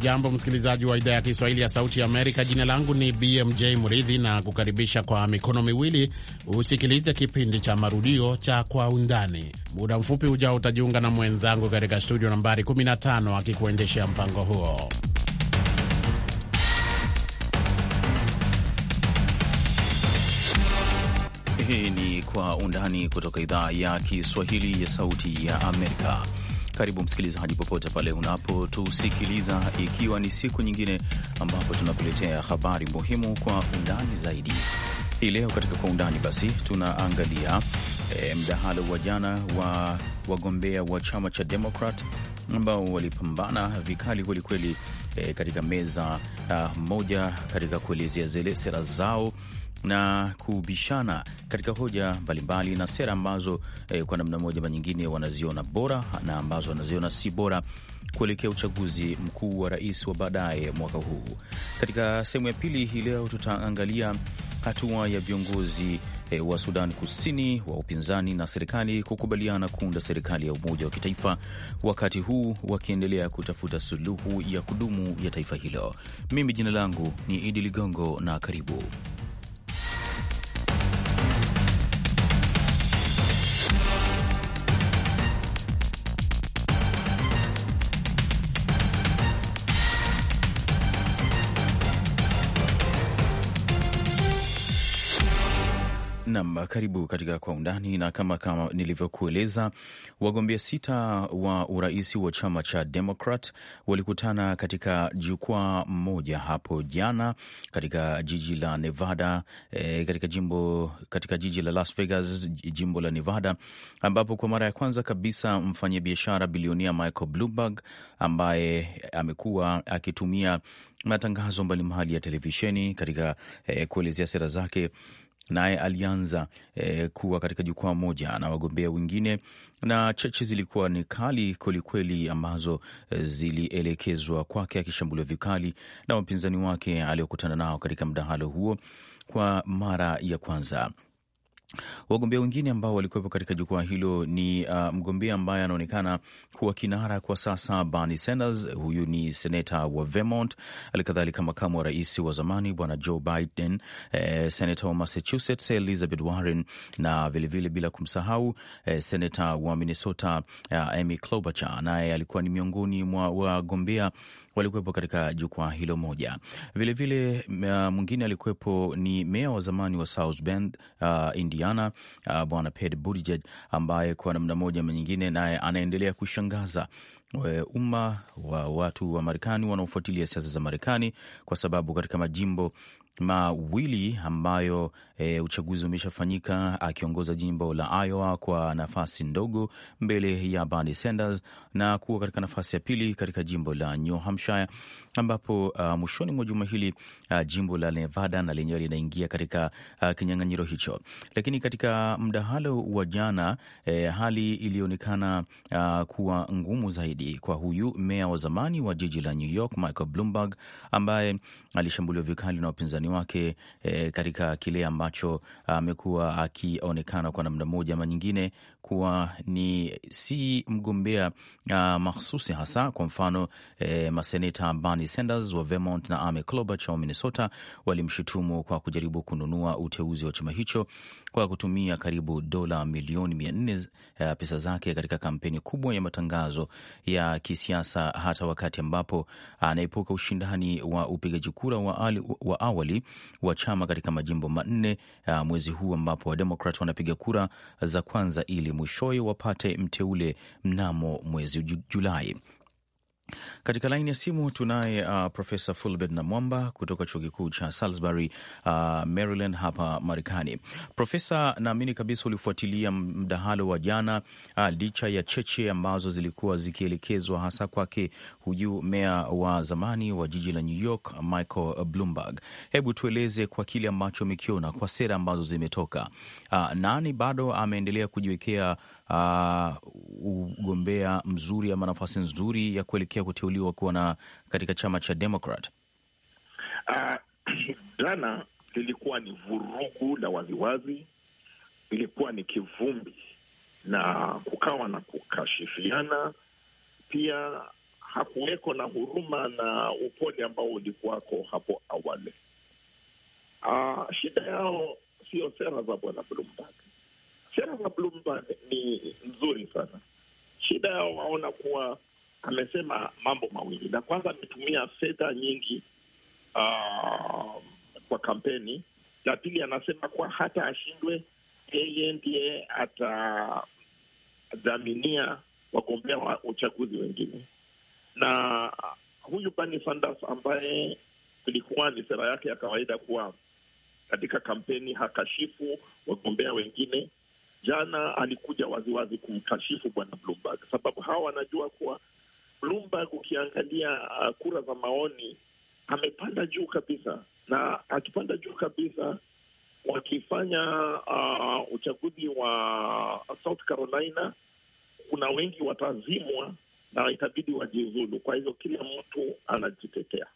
Ujambo msikilizaji wa idhaa ya Kiswahili ya Sauti ya Amerika. Jina langu ni BMJ Mridhi na kukaribisha kwa mikono miwili usikilize kipindi cha marudio cha Kwa Undani. Muda mfupi ujao utajiunga na mwenzangu katika studio nambari 15 akikuendeshea mpango huo. Hii ni Kwa Undani kutoka idhaa ya Kiswahili ya Sauti ya Amerika. Karibu msikilizaji, popote pale unapotusikiliza, ikiwa ni siku nyingine ambapo tunakuletea habari muhimu kwa undani zaidi. Hii leo katika kwa undani basi tunaangalia e, mdahalo wa jana wa wagombea wa chama cha Demokrat ambao walipambana vikali kwelikweli e, eh, katika meza a, ah, moja katika kuelezea zile sera zao na kubishana katika hoja mbalimbali na sera ambazo eh, kwa namna moja ama nyingine wanaziona bora na ambazo wanaziona si bora kuelekea uchaguzi mkuu wa rais wa baadaye mwaka huu. Katika sehemu ya pili hii leo tutaangalia hatua ya viongozi eh, wa Sudan Kusini wa upinzani na serikali kukubaliana kuunda serikali ya umoja wa kitaifa, wakati huu wakiendelea kutafuta suluhu ya kudumu ya taifa hilo. Mimi jina langu ni Idi Ligongo na karibu Nam, karibu katika Kwa Undani, na kama, kama nilivyokueleza, wagombea sita wa urais wa chama cha Demokrat walikutana katika jukwaa moja hapo jana katika jiji la Nevada, e, katika jimbo katika jiji la Las Vegas, jimbo la Nevada, ambapo kwa mara ya kwanza kabisa mfanyabiashara bilionia Michael Bloomberg ambaye amekuwa akitumia matangazo mbalimbali ya televisheni katika e, kuelezea sera zake naye alianza e, kuwa katika jukwaa moja na wagombea wengine, na cheche zilikuwa ni kali kwelikweli, ambazo eh, zilielekezwa kwake, akishambuliwa vikali na wapinzani wake aliokutana nao katika mdahalo huo kwa mara ya kwanza. Wagombea wengine ambao walikuwepo katika jukwaa hilo ni uh, mgombea ambaye anaonekana kuwa kinara kwa sasa Bernie Sanders. Huyu ni seneta wa Vermont, halikadhalika makamu wa rais wa zamani bwana Joe Biden, eh, seneta wa Massachusetts Elizabeth Warren na vilevile bila kumsahau eh, seneta wa Minnesota eh, Amy Klobuchar, naye alikuwa ni miongoni mwa wagombea walikuwepo katika jukwaa hilo moja. Vilevile uh, mwingine alikuwepo ni meya wa zamani wa South Bend, uh, Indiana, uh, bwana Pete Buttigieg ambaye kwa namna moja ama nyingine naye anaendelea kushangaza uh, umma wa watu wa Marekani wanaofuatilia siasa za Marekani kwa sababu katika majimbo mawili ambayo e, uchaguzi umeshafanyika akiongoza jimbo la Iowa kwa nafasi ndogo mbele ya Bernie Sanders na kuwa katika nafasi ya pili katika jimbo la New Hampshire, ambapo uh, mwishoni mwa juma hili uh, jimbo la Nevada na lenyewe linaingia katika uh, kinyang'anyiro hicho. Lakini katika mdahalo wa jana eh, hali ilionekana uh, kuwa ngumu zaidi kwa huyu meya wa zamani wa jiji la New York Michael Bloomberg ambaye alishambuliwa vikali na wapinzani wake eh, katika kile ambacho ambacho ah, amekuwa akionekana kwa namna moja ama nyingine kuwa ni si mgombea uh, mahsusi hasa. Kwa mfano eh, maseneta Bernie Sanders wa Vermont na Amy Klobuchar wa Minnesota walimshutumu kwa kujaribu kununua uteuzi wa chama hicho kwa kutumia karibu dola milioni mia nne eh, pesa zake katika kampeni kubwa ya matangazo ya kisiasa, hata wakati ambapo anaepuka ushindani wa upigaji kura wa, wa awali wa chama katika majimbo manne eh, mwezi huu ambapo Wademokrat wanapiga kura za kwanza ili mwishowe wapate mteule mnamo mwezi Julai. Katika laini ya simu tunaye uh, Profesa Fulbert Namwamba kutoka chuo kikuu cha Salisbury uh, Maryland hapa Marekani. Profesa, naamini kabisa ulifuatilia mdahalo wa jana uh, licha ya cheche ambazo zilikuwa zikielekezwa hasa kwake huyu meya wa zamani wa jiji la New York Michael Bloomberg. Hebu tueleze kwa kile ambacho umekiona kwa sera ambazo zimetoka, uh, nani bado ameendelea kujiwekea uh, ugombea mzuri ama nafasi nzuri ya kuelekea kupelekea kuteuliwa kuwa na katika chama cha Democrat? Uh, jana lilikuwa ni vurugu la waziwazi, ilikuwa ni kivumbi na kukawa na kukashifiana pia. Hakuweko na huruma na upole ambao ulikuwako hapo awali. Uh, shida yao sio sera za bwana Bloomberg. Sera za Bloomberg ni nzuri sana. Shida yao waona kuwa amesema mambo mawili. La kwanza, ametumia fedha nyingi uh, kwa kampeni. La pili, anasema kuwa hata ashindwe, yeye ndiye atadhaminia wagombea wa uchaguzi wengine. Na huyu Bernie Sanders ambaye ilikuwa ni sera yake ya kawaida kuwa katika kampeni hakashifu wagombea wengine, jana alikuja waziwazi kumkashifu bwana Bloomberg, sababu hawa wanajua kuwa Bloomberg ukiangalia uh, kura za maoni amepanda juu kabisa, na akipanda juu kabisa wakifanya uh, uchaguzi wa South Carolina, kuna wengi watazimwa na itabidi wajiuzulu. Kwa hivyo kila mtu anajitetea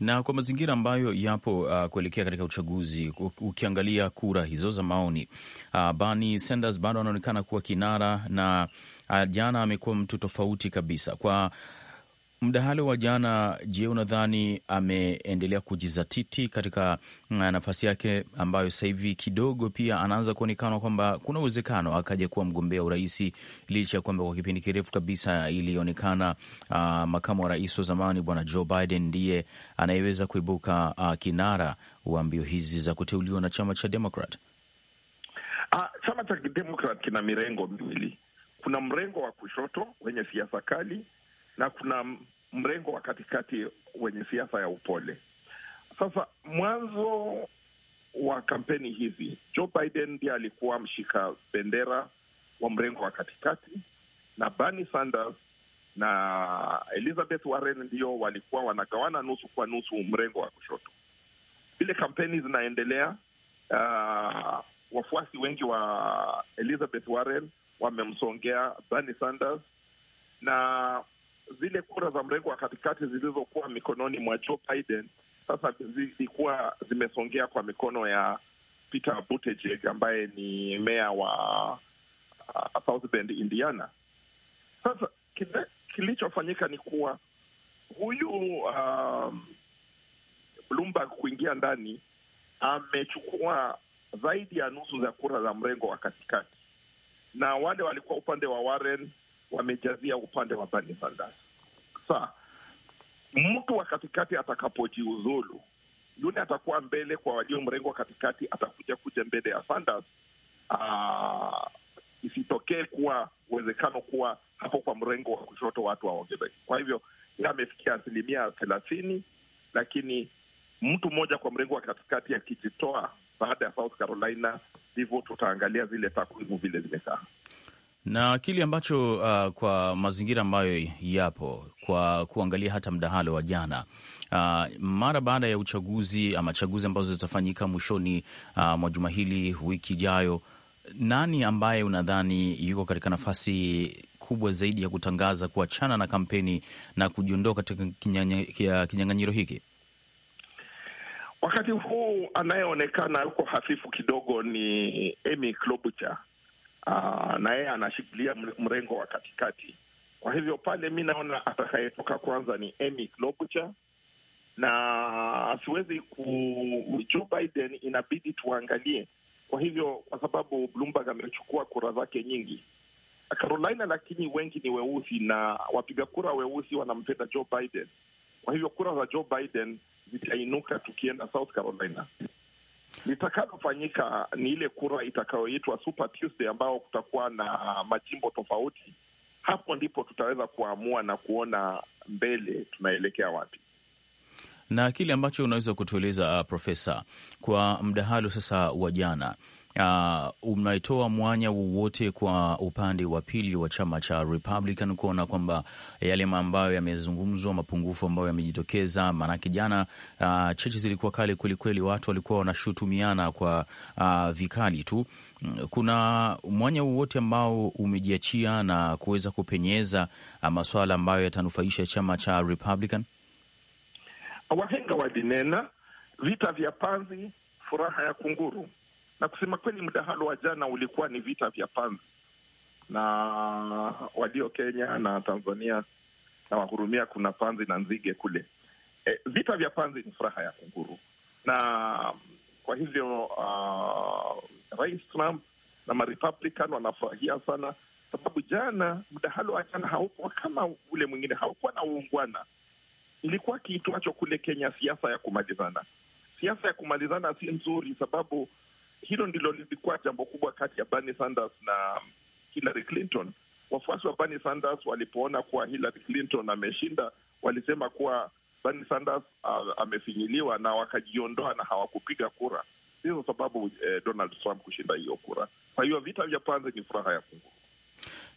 na kwa mazingira ambayo yapo uh, kuelekea katika uchaguzi. Ukiangalia kura hizo za maoni uh, Bernie Sanders bado anaonekana kuwa kinara na uh, jana amekuwa mtu tofauti kabisa kwa mdahalo wa jana, je, unadhani ameendelea kujizatiti katika mm, nafasi yake ambayo sasa hivi kidogo pia anaanza kuonekana kwamba kuna uwezekano akaja kuwa mgombea urais, licha ya kwamba kwa kipindi kirefu kabisa ilionekana uh, makamu wa rais wa zamani bwana Joe Biden ndiye anayeweza kuibuka uh, kinara wa mbio hizi za kuteuliwa na chama cha Demokrat. Uh, ah, chama cha kidemokrat kina mirengo miwili. Kuna mrengo wa kushoto wenye siasa kali na kuna mrengo wa katikati wenye siasa ya upole. Sasa mwanzo wa kampeni hizi, Joe Biden ndiye alikuwa mshika bendera wa mrengo wa katikati, na Bernie Sanders na Elizabeth Warren ndio walikuwa wanagawana nusu kwa nusu mrengo wa kushoto. Vile kampeni zinaendelea, uh, wafuasi wengi wa Elizabeth Warren wamemsongea Bernie Sanders na zile kura za mrengo wa katikati zilizokuwa mikononi mwa Joe Biden sasa zilikuwa zimesongea kwa mikono ya Peter Buttigieg ambaye ni meya wa uh, South Bend, Indiana. Sasa kile kilichofanyika ni kuwa huyu um, Bloomberg kuingia ndani amechukua zaidi ya nusu za kura za mrengo wa katikati, na wale walikuwa upande wa Warren wamejazia upande wa Bernie Sanders. Sa mtu wa katikati atakapojiuzulu, yule atakuwa mbele kwa walio mrengo wa katikati, atakuja kuja mbele ya Sanders. Uh, ah, isitokee kuwa uwezekano kuwa hapo kwa mrengo wa kushoto watu waongezeke. Kwa hivyo yeye amefikia asilimia thelathini, lakini mtu mmoja kwa mrengo wa katikati akijitoa baada ya South Carolina, ndivyo tutaangalia zile takwimu vile zimekaa na kile ambacho uh, kwa mazingira ambayo yapo kwa kuangalia hata mdahalo wa jana uh, mara baada ya uchaguzi ama chaguzi ambazo zitafanyika mwishoni uh, mwa juma hili, wiki ijayo, nani ambaye unadhani yuko katika nafasi kubwa zaidi ya kutangaza kuachana na kampeni na kujiondoa katika kinyang'anyiro hiki? Wakati huu anayeonekana yuko hafifu kidogo ni Amy Klobuchar Ah, na yeye anashikilia mrengo wa katikati. Kwa hivyo pale mi naona atakayetoka kwanza ni Amy Klobuchar na siwezi ku Joe Biden inabidi tuangalie. Kwa hivyo kwa sababu Bloomberg amechukua kura zake nyingi Carolina, lakini wengi ni weusi na wapiga kura weusi wanampenda Joe Biden. Kwa hivyo kura za Joe Biden zitainuka tukienda South Carolina. Litakalofanyika ni ile kura itakayoitwa Super Tuesday, ambao kutakuwa na majimbo tofauti. Hapo ndipo tutaweza kuamua na kuona mbele tunaelekea wapi na kile ambacho unaweza kutueleza uh, Profesa, kwa mdahalo sasa wa jana uh, mnaitoa mwanya wowote kwa upande wa pili wa chama cha Republican kuona kwamba yale ambayo yamezungumzwa, mapungufu ambayo yamejitokeza? Maanake jana uh, cheche zilikuwa kali kwelikweli, watu walikuwa wanashutumiana kwa uh, vikali tu. Kuna mwanya wowote ambao umejiachia na kuweza kupenyeza uh, maswala ambayo yatanufaisha chama cha Republican? Wahenga walinena vita vya panzi, furaha ya kunguru. Na kusema kweli, mdahalo wa jana ulikuwa ni vita vya panzi, na walio Kenya na Tanzania na wahurumia, kuna panzi na nzige kule. E, vita vya panzi ni furaha ya kunguru, na kwa hivyo uh, Rais Trump na marepublican wanafurahia sana sababu jana mdahalo wa jana haukuwa kama ule mwingine, haukuwa na uungwana. Ilikuwa kiitwacho kule Kenya siasa ya kumalizana. Siasa ya kumalizana si nzuri, sababu hilo ndilo lilikuwa jambo kubwa kati ya Bernie Sanders na Hillary Clinton. Wafuasi wa Bernie Sanders walipoona kuwa Hillary Clinton ameshinda, walisema kuwa Bernie Sanders uh, amefinyiliwa na wakajiondoa na hawakupiga kura. Ndizo sababu eh, Donald Trump kushinda hiyo kura. Kwa hiyo vita vya Panzi ni furaha ya kunguru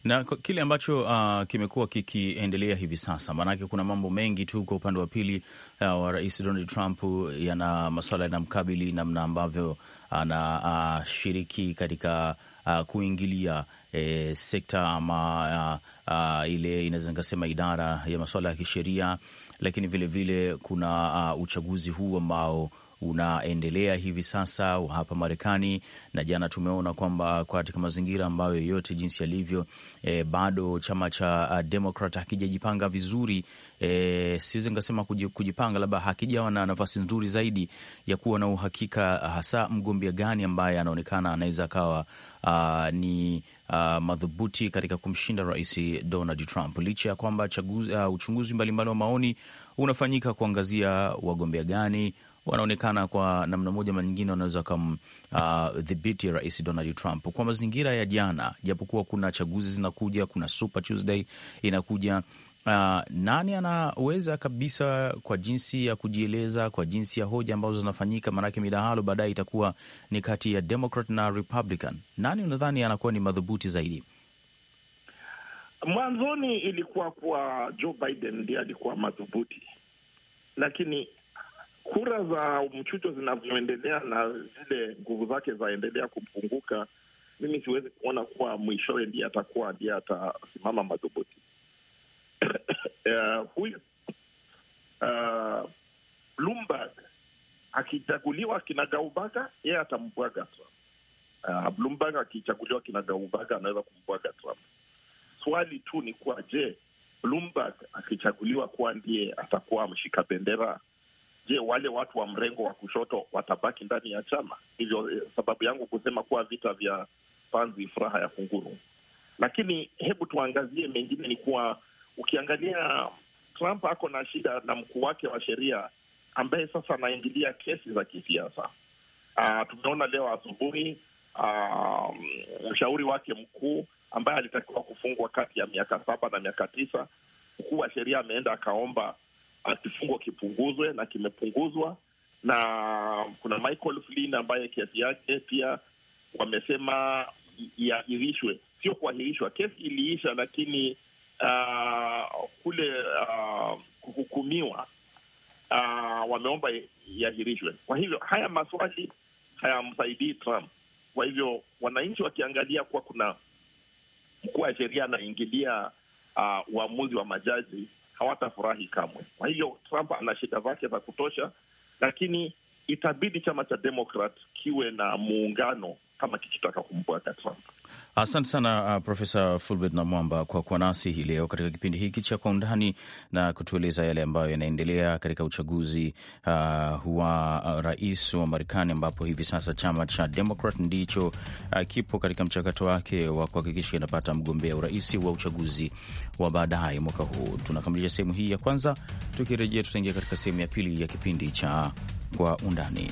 na kile ambacho uh, kimekuwa kikiendelea hivi sasa, maanake kuna mambo mengi tu kwa upande wa pili uh, wa Rais Donald Trump yana maswala yanamkabili, namna ambavyo anashiriki uh, katika uh, kuingilia eh, sekta ama uh, uh, ile inaweza nikasema idara ya masuala ya kisheria, lakini vilevile vile kuna uh, uchaguzi huu ambao unaendelea hivi sasa hapa Marekani, na jana tumeona kwamba katika mazingira ambayo yote jinsi yalivyo, e, bado chama cha uh, Demokrat hakijajipanga vizuri e, siwezi nikasema kujipanga, labda hakijawa na nafasi nzuri zaidi ya kuwa na uhakika hasa mgombea gani ambaye anaonekana anaweza akawa uh, ni Uh, madhubuti katika kumshinda Rais Donald Trump licha ya kwamba uh, uchunguzi mbalimbali wa maoni unafanyika kuangazia wagombea gani wanaonekana kwa namna moja manyingine wanaweza wakamdhibiti uh, Rais Donald Trump kwa mazingira ya jana, japokuwa kuna chaguzi zinakuja, kuna Super Tuesday inakuja. Uh, nani anaweza kabisa kwa jinsi ya kujieleza, kwa jinsi ya hoja ambazo zinafanyika, maanake midahalo baadaye itakuwa ni kati ya Democrat na Republican. Nani unadhani anakuwa ni madhubuti zaidi? Mwanzoni ilikuwa kuwa Joe Biden ndiye alikuwa madhubuti, lakini kura za mchujo zinavyoendelea na zile nguvu zake zaendelea kupunguka, mimi siwezi kuona kuwa mwishowe ndiye atakuwa ndiye atasimama madhubuti. Uh, huyu uh, Bloomberg akichaguliwa kinagaubaga, yeye atambwaga Trump. Uh, Bloomberg akichaguliwa kinagaubaga, anaweza kumbwaga Trump. Swali tu ni kuwa je, Bloomberg akichaguliwa kuwa ndiye atakuwa mshika bendera Je, wale watu wa mrengo wa kushoto watabaki ndani ya chama? Hivyo eh, sababu yangu kusema kuwa vita vya panzi furaha ya kunguru. Lakini hebu tuangazie mengine, ni kuwa ukiangalia Trump ako na shida na mkuu wake wa sheria ambaye sasa anaingilia kesi za kisiasa. Uh, tumeona leo asubuhi uh, mshauri wake mkuu ambaye alitakiwa kufungwa kati ya miaka saba na miaka tisa, mkuu wa sheria ameenda akaomba kifungo kipunguzwe na kimepunguzwa, na kuna Michael Flynn ambaye kesi yake pia wamesema iahirishwe, sio kuahirishwa. Kesi iliisha, lakini uh, kule uh, kuhukumiwa uh, wameomba iahirishwe. Kwa hivyo haya maswali hayamsaidii Trump. Kwa hivyo wananchi wakiangalia kuwa kuna mkuu wa sheria anaingilia uh, uamuzi wa majaji hawatafurahi kamwe. Kwa hiyo Trump ana shida zake za kutosha, lakini itabidi chama cha Demokrat kiwe na muungano kama kikitaka kumbwaga Trump. Asante sana uh, Profesa Fulbert na Mwamba kwa kuwa nasi hii leo katika kipindi hiki cha Kwa Undani na kutueleza yale ambayo yanaendelea katika uchaguzi uh, wa uh, rais wa Marekani, ambapo hivi sasa chama cha Demokrat ndicho uh, kipo katika mchakato wake wa kuhakikisha inapata mgombea urais wa uchaguzi wa baadaye mwaka huu. Tunakamilisha sehemu hii ya kwanza, tukirejea tutaingia katika sehemu ya pili ya kipindi cha Kwa Undani.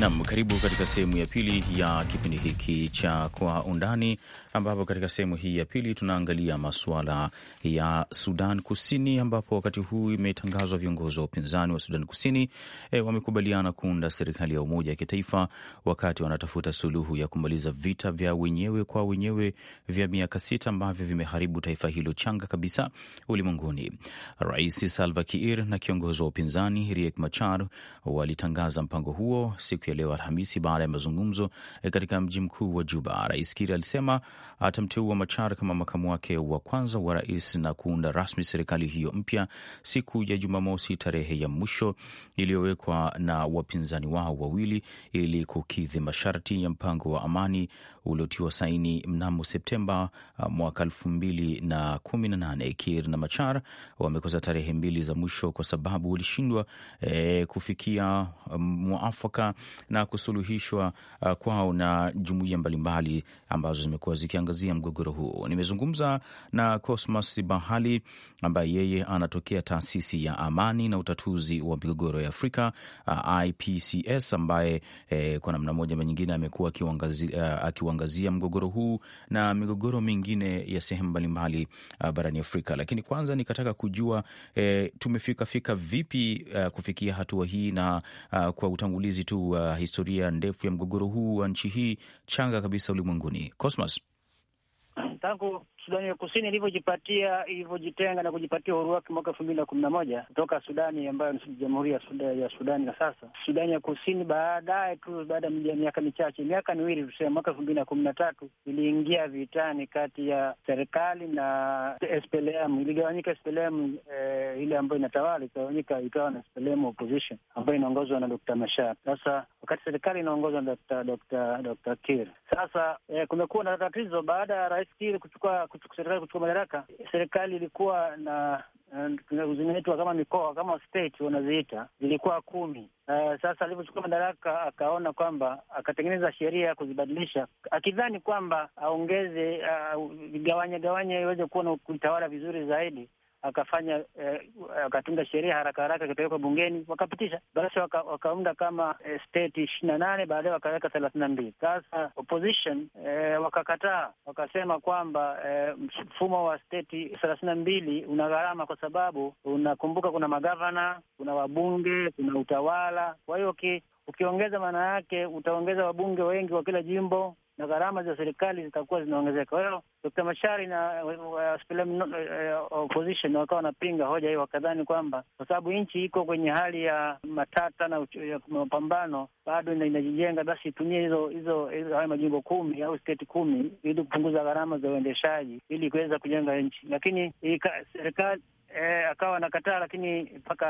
Nam, karibu katika sehemu ya pili ya kipindi hiki cha Kwa Undani, ambapo katika sehemu hii ya pili tunaangalia masuala ya Sudan Kusini, ambapo wakati huu imetangazwa viongozi wa upinzani wa Sudan Kusini e, wamekubaliana kuunda serikali ya umoja ya kitaifa wakati wanatafuta suluhu ya kumaliza vita vya wenyewe kwa wenyewe vya miaka sita ambavyo vimeharibu taifa hilo changa kabisa ulimwenguni. Rais Salva Kiir na kiongozi wa upinzani Riek Machar walitangaza mpango huo siku yake leo Alhamisi, baada ya mazungumzo e, katika mji mkuu wa Juba, Rais Kiri alisema atamteua Machar kama makamu wake wa kwanza wa rais na kuunda rasmi serikali hiyo mpya siku ya Jumamosi, tarehe ya mwisho iliyowekwa na wapinzani wao wawili ili kukidhi masharti ya mpango wa amani uliotiwa saini mnamo Septemba mwaka elfu mbili na kumi na nane. Kir na Machar wamekosa tarehe mbili za mwisho kwa sababu walishindwa e, kufikia mwafaka na kusuluhishwa uh, kwao na jumuiya mbalimbali ambazo zimekuwa zikiangazia mgogoro huu. Nimezungumza na Cosmas Bahali ambaye yeye anatokea taasisi ya amani na utatuzi wa migogoro ya Afrika uh, IPCS ambaye eh, kwa namna moja ama nyingine amekuwa akiuangazia uh, mgogoro huu na migogoro mingine ya sehemu mbalimbali uh, barani Afrika. Lakini kwanza nikataka kujua eh, tumefikafika vipi uh, kufikia hatua hii na uh, kwa utangulizi tu uh, historia ndefu ya mgogoro huu wa nchi hii changa kabisa ulimwenguni. Cosmas, tangu Sudani ya Kusini ilivyojipatia ilivyojitenga na kujipatia uhuru wake mwaka elfu mbili na kumi na moja kutoka Sudani ambayo ni jamhuri ya Sudani, ya Sudani na sasa Sudani ya Kusini, baadaye tu baada ya miaka michache, miaka miwili tuseme mwaka elfu mbili na kumi na tatu iliingia vitani kati ya serikali na SPLM. Iligawanyika SPLM eh, ile ambayo inatawala ikagawanyika ikawa na SPLM opposition ambayo inaongozwa na Dr. Mashar. Sasa wakati serikali inaongozwa na Dr. Dr. Dr. Kir. Sasa eh, kumekuwa na tatizo baada ya Rais Kir kuchukua serikali kuchukua madaraka, serikali ilikuwa na eh, zinaitwa kama mikoa kama state wanaziita, zilikuwa kumi. Uh, sasa alivyochukua madaraka akaona kwamba akatengeneza sheria ya kuzibadilisha akidhani kwamba aongeze, ah, uh, gawanye gawanye iweze kuwa na kuitawala vizuri zaidi akafanya eh, akatunga sheria haraka haraka, akipelekwa bungeni wakapitisha, basi waka, wakaunda kama eh, state ishirini na nane baadaye wakaweka thelathini na mbili. Sasa opposition eh, wakakataa, wakasema kwamba eh, mfumo wa state thelathini na mbili una gharama, kwa sababu unakumbuka, kuna magavana, kuna wabunge, kuna utawala. Kwa hiyo ukiongeza, maana yake utaongeza wabunge wengi wa kila jimbo na gharama za serikali zitakuwa zinaongezeka. Kwa hiyo Dr. Mashari na eh, eh, opposition wakawa wanapinga hoja hiyo, wakadhani kwamba kwa sababu nchi iko kwenye hali ya matata na mapambano bado inajijenga, basi itumie hizo hizo hayo majimbo kumi au steti kumi ili kupunguza gharama za uendeshaji ili kuweza kujenga nchi, lakini serikali E, akawa anakataa, lakini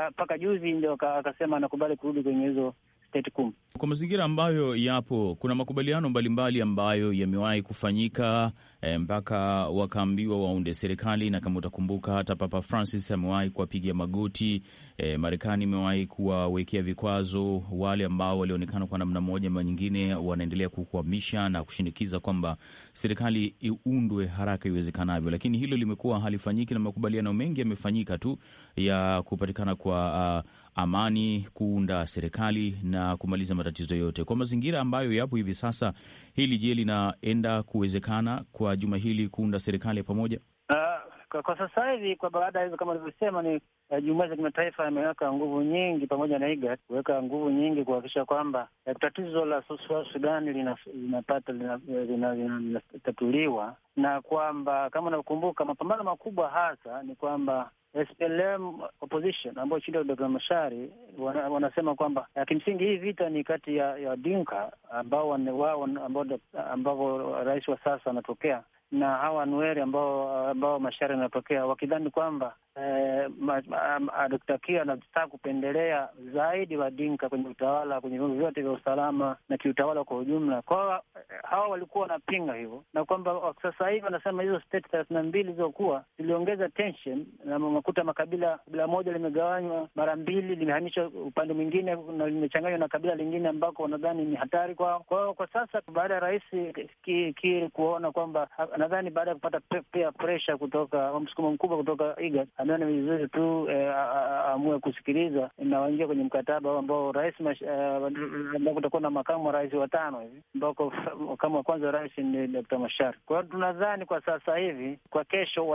mpaka juzi ndio akasema anakubali kurudi kwenye hizo state Kwa mazingira ambayo yapo, kuna makubaliano mbalimbali ambayo yamewahi kufanyika e, mpaka wakaambiwa waunde serikali, na kama utakumbuka hata Papa Francis amewahi kuwapiga magoti e, Marekani imewahi kuwawekea vikwazo wale ambao walionekana kwa namna moja ama nyingine wanaendelea kukwamisha na kushinikiza kwamba serikali iundwe haraka iwezekanavyo, lakini hilo limekuwa halifanyiki na makubaliano mengi yamefanyika tu ya kupatikana kwa uh, amani, kuunda serikali na kumaliza matatizo yote. Kwa mazingira ambayo yapo hivi sasa, hili je, linaenda kuwezekana kwa juma hili kuunda serikali ya pamoja? Uh, kwa, kwa sasa hivi kwa baada ya hizo kama ulivyosema ni uh, jumuiya za kimataifa imeweka nguvu nyingi pamoja na IGAD kuweka nguvu nyingi kuhakikisha kwamba uh, tatizo la Sudani linapata linatatuliwa lina, lina, lina, na kwamba kama unavyokumbuka mapambano makubwa hasa ni kwamba SPLM opposition ambayo chini ya Mashari wana, wanasema kwamba eh, kimsingi hii vita ni kati ya, ya Dinka ambao wao ambao rais wa sasa anatokea na hawa Nueri ambao ambao Mashari anatokea wakidhani kwamba eh, Dkt. anataka kupendelea zaidi Wadinka kwenye utawala, kwenye vyombo vyote vya usalama na kiutawala kwa ujumla. Kwa eh, hawa walikuwa wanapinga hivyo, na kwamba sasa hivi wanasema hizo state thelathini na mbili zilizokuwa ziliongeza tension, na makuta makabila, kabila moja limegawanywa mara mbili, limehamishwa upande mwingine na limechanganywa na kabila lingine ambako wanadhani ni hatari kwao. Kwa hiyo kwa sasa baada ya rais Kiir kuona kwamba, nadhani baada ya kupata pia pressure kutoka msukumo mkubwa kutoka IGAD anaona ni vizuri tu eh, aamue kusikiliza na waingia kwenye mkataba ambao rais eh, ambao kutakuwa na makamu wa rais watano hivi, ambako makamu wa kwanza wa rais ni Dkt. mashar Kwa hiyo tunadhani kwa sasa hivi, kwa kesho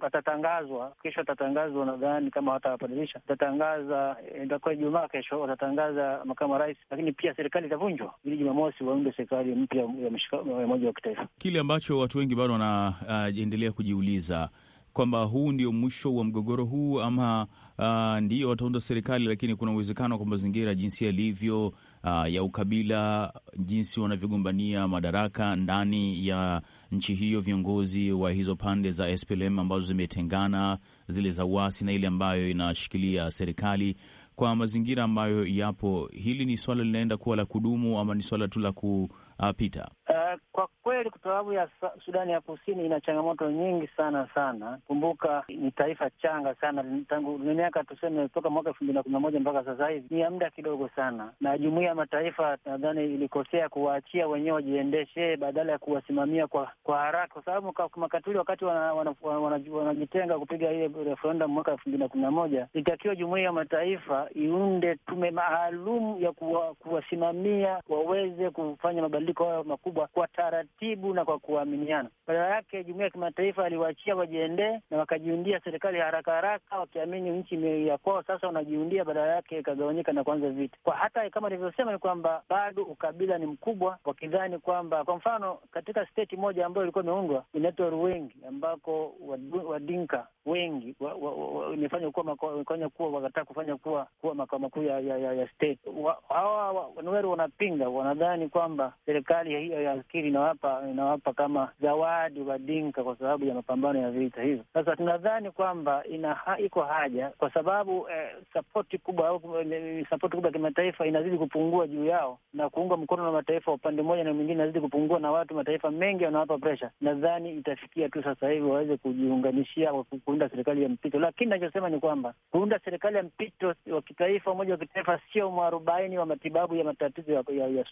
watatangazwa, kesho watatangazwa, nadhani kama watawabadilisha, watatangaza, itakuwa Ijumaa kesho watatangaza makamu wa rais, lakini pia serikali itavunjwa ili Jumamosi waunde serikali mpya ya umoja wa kitaifa, kile ambacho watu wengi bado wanaendelea uh, kujiuliza kwamba huu ndio mwisho wa mgogoro huu ama uh, ndio wataunda serikali, lakini kuna uwezekano kwa mazingira jinsi yalivyo, uh, ya ukabila, jinsi wanavyogombania madaraka ndani ya nchi hiyo, viongozi wa hizo pande za SPLM ambazo zimetengana, zile za uasi na ile ambayo inashikilia serikali kwa mazingira ambayo yapo, hili ni swala linaenda kuwa la kudumu ama ni swala tu la kupita? Ah, uh, kwa kweli kwa sababu ya Sudani ya Kusini ina changamoto nyingi sana sana. Kumbuka ni taifa changa sana, tangu ni miaka tuseme, toka mwaka elfu mbili na kumi na moja mpaka sasa hivi ni ya muda kidogo sana, na Jumuiya ya Mataifa nadhani ilikosea kuwaachia wenyewe wajiendeshe badala ya kuwasimamia kwa kwa haraka, kwa sababu makatuli wakati wanajitenga wana, wana, wana kupiga ile referendum mwaka elfu mbili na kumi na moja ilitakiwa Jumuiya ya Mataifa iunde tume maalum ya kuwa, kuwasimamia waweze kufanya mabadiliko hayo makubwa kwa ta taratibu na kwa kuaminiana. Badala yake jumuia ya kimataifa aliwaachia wajiendee na wakajiundia serikali haraka haraka, wakiamini nchi ya kwao, sasa wanajiundia badala yake ikagawanyika na kuanza vita. Kwa hata kama alivyosema ni kwamba bado ukabila ni mkubwa, wakidhani kwamba kwa mfano katika steti moja ambayo ilikuwa imeundwa inaitwa Ruwengi, ambako Wadinka wengi imefanya kuwa wakataka kufanya kuwa kuwa makao makuu ya, ya, ya state. Hawa Wanueru wanapinga, wanadhani kwamba serikali hiyo ya akili inawapa inawapa kama zawadi Wadinka kwa sababu ya mapambano ya vita hivyo. Sasa tunadhani kwamba ina ha, iko haja kwa sababu eh, sapoti kubwa au eh, sapoti kubwa ya kimataifa inazidi kupungua juu yao, na kuunga mkono na mataifa upande mmoja na mwingine inazidi kupungua, na watu mataifa mengi wanawapa presha. Nadhani itafikia tu sasa hivi waweze kujiunganishia kuunda serikali ya mpito, lakini nachosema ni kwamba kuunda serikali ya mpito wa kitaifa, umoja wa kitaifa, sio mwarobaini wa matibabu ya matatizo ya, ya, ya,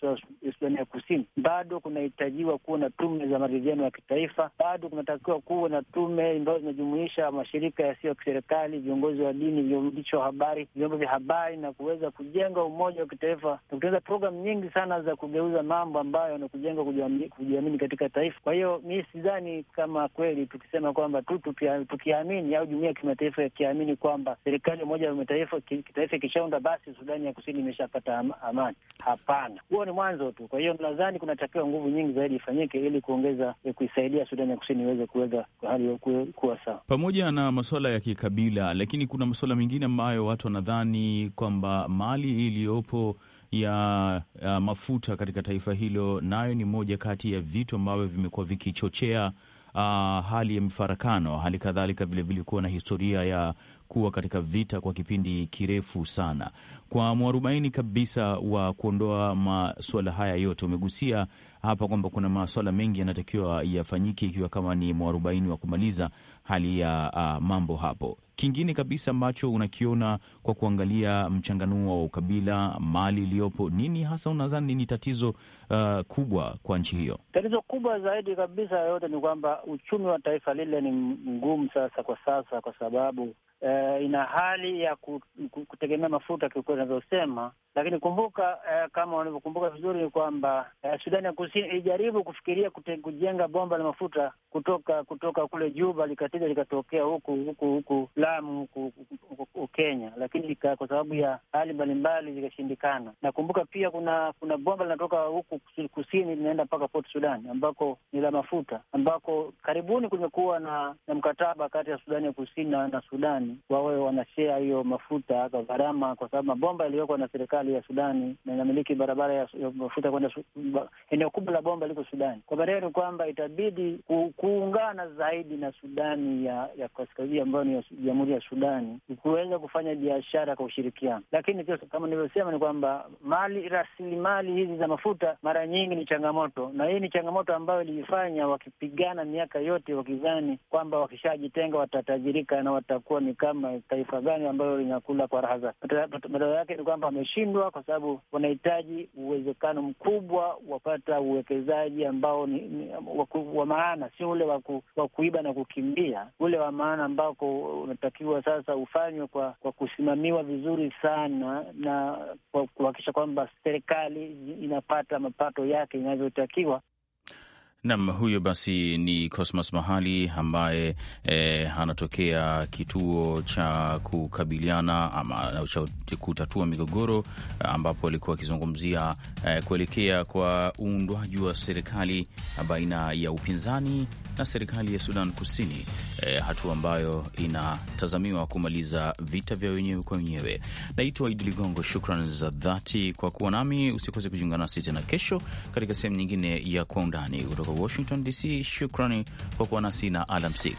ya Sudani ya Kusini. Bado kuna kunatarajiwa kuwa na tume za maridhiano ya kitaifa. Bado kunatakiwa kuwa na tume ambazo zinajumuisha mashirika yasiyo ya kiserikali, viongozi wa dini, vyombo wa habari, vyombo vya habari, na kuweza kujenga umoja wa kitaifa na kutengeneza programu nyingi sana za kugeuza mambo ambayo na kujenga kujiamini katika taifa. Kwa hiyo mi sidhani kama kweli tukisema kwamba tu tukiamini au jumuia ya kimataifa yakiamini kwamba serikali ya umoja wa mataifa kitaifa ikishaunda basi Sudani ya kusini imeshapata amani. Hapana, huo ni mwanzo tu. Kwa hiyo nadhani kunatakiwa nguvu nyingi zaidi ifanyike ili kuongeza eh, kuisaidia Sudani ya Kusini iweze kuweza hali kuwa sawa, pamoja na masuala ya kikabila. Lakini kuna masuala mengine ambayo watu wanadhani kwamba mali iliyopo ya, ya mafuta katika taifa hilo nayo ni moja kati ya vitu ambavyo vimekuwa vikichochea Uh, hali ya mifarakano, hali kadhalika vilevile kuwa na historia ya kuwa katika vita kwa kipindi kirefu sana. Kwa mwarobaini kabisa wa kuondoa masuala haya yote, umegusia hapa kwamba kuna maswala mengi yanatakiwa yafanyike, ikiwa kama ni mwarobaini wa kumaliza hali ya uh, mambo hapo. Kingine kabisa ambacho unakiona kwa kuangalia mchanganuo wa ukabila, mali iliyopo, nini hasa unadhani ni tatizo uh, kubwa kwa nchi hiyo? Tatizo kubwa zaidi kabisa yote ni kwamba uchumi wa taifa lile ni mgumu sasa kwa sasa, kwa sababu uh, ina hali ya kutegemea mafuta kiukweli inavyosema lakini kumbuka, uh, kama wanavyokumbuka vizuri ni kwamba uh, Sudani ya Kusini ilijaribu kufikiria kute, kujenga bomba la mafuta kutoka kutoka kule Juba likatija likatokea huku huku huku Lamu huku, huku, huku Kenya, lakini kwa sababu ya hali mbalimbali zikashindikana. Nakumbuka pia kuna kuna bomba linatoka huku kusini linaenda mpaka Port Sudan ambako ni la mafuta, ambako karibuni kumekuwa na, na mkataba kati ya Sudani ya Kusini na, na Sudani wawe wanashea hiyo mafuta kwa gharama, kwa sababu mabomba yaliyoko na serikali ya Sudani na inamiliki barabara ya, ya mafuta kwenda eneo kubwa la bomba liko Sudani. Kwa maana hiyo ni kwamba itabidi ku, kuungana zaidi na Sudani ya, ya kaskazini ambayo ni jamhuri ya, ya Sudani kuweza kufanya biashara kwa ushirikiano, lakini kama nilivyosema ni kwamba mali rasilimali hizi za mafuta mara nyingi ni changamoto, na hii ni changamoto ambayo ilijifanya wakipigana miaka yote wakizani kwamba wakishajitenga watatajirika na watakuwa ni kama taifa gani ambalo linakula kwa raha zake. Matokeo yake ni kwamba wameshindwa, kwa sababu wanahitaji uwezekano mkubwa wapata uwekezaji ambao ni, ni, waku, wa maana, sio ule wa kuiba na kukimbia, ule wa maana ambako unatakiwa sasa ufanywe kwa, kwa kusimamiwa vizuri sana na kuhakikisha kwamba serikali inapata mapato yake inavyotakiwa. Nam huyo basi ni Cosmas Mahali ambaye e, anatokea kituo cha kukabiliana ama cha kutatua migogoro, eh, ambapo alikuwa akizungumzia e, kuelekea kwa uundwaji wa serikali baina ya upinzani na serikali ya Sudan Kusini, e, hatua ambayo inatazamiwa kumaliza vita vya wenyewe kwa wenyewe. Naitwa Idi Ligongo, shukran za dhati kwa kuwa nami. Usikose kujiunga nasi tena kesho katika sehemu nyingine ya Kwa Undani kutoka Washington DC. Shukrani kwa kuwa nasi na alamsik.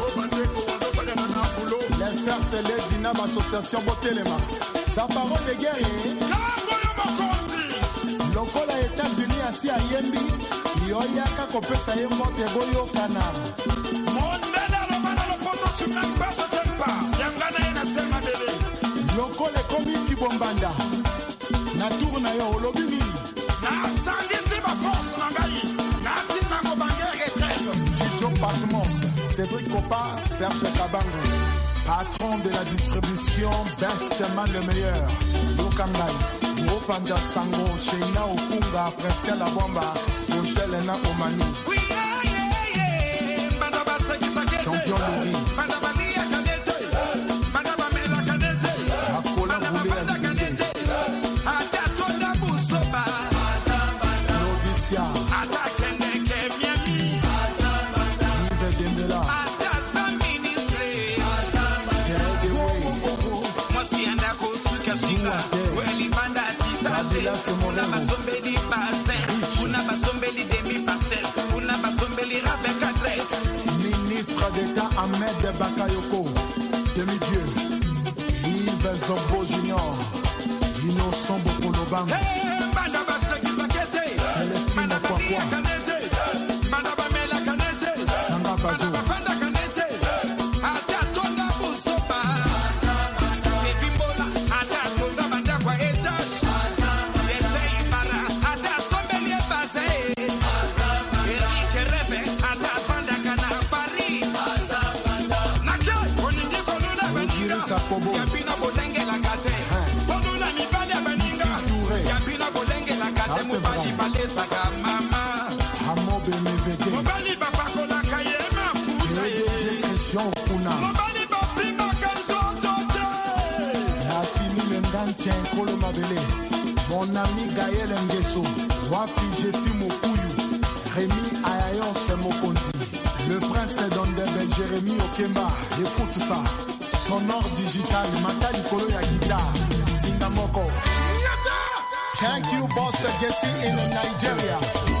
leledi na baasociation botelema za parole de guerre lokola etats-unis asi ayembi yoyaka kopesa ye moto eboyokana lokola ekomi kibombanda na tour na yo olobi nini nasangisi baforce na ngai natinda kobange retraite studio patmos cédrik copa serge kabango patron de la distribution man le meilleur, Lukangai, Mopanja Sango, Sheina Okunga, presque La Bomba, Rochelle Omani. Champion de Ahmed Bakayoko, demi-dieu. Yves Zombo Junior, Innocent Bokoloban. Hey, Célestine Kwakwa. mon ami Gaël Nguesso, Wafi Mokouyou, Rémi Ayayon Semokondi, le prince Jérémy Okemba, écoute ça, sonore digital, Matali Kolo Thank you, boss Jesse, in Nigeria.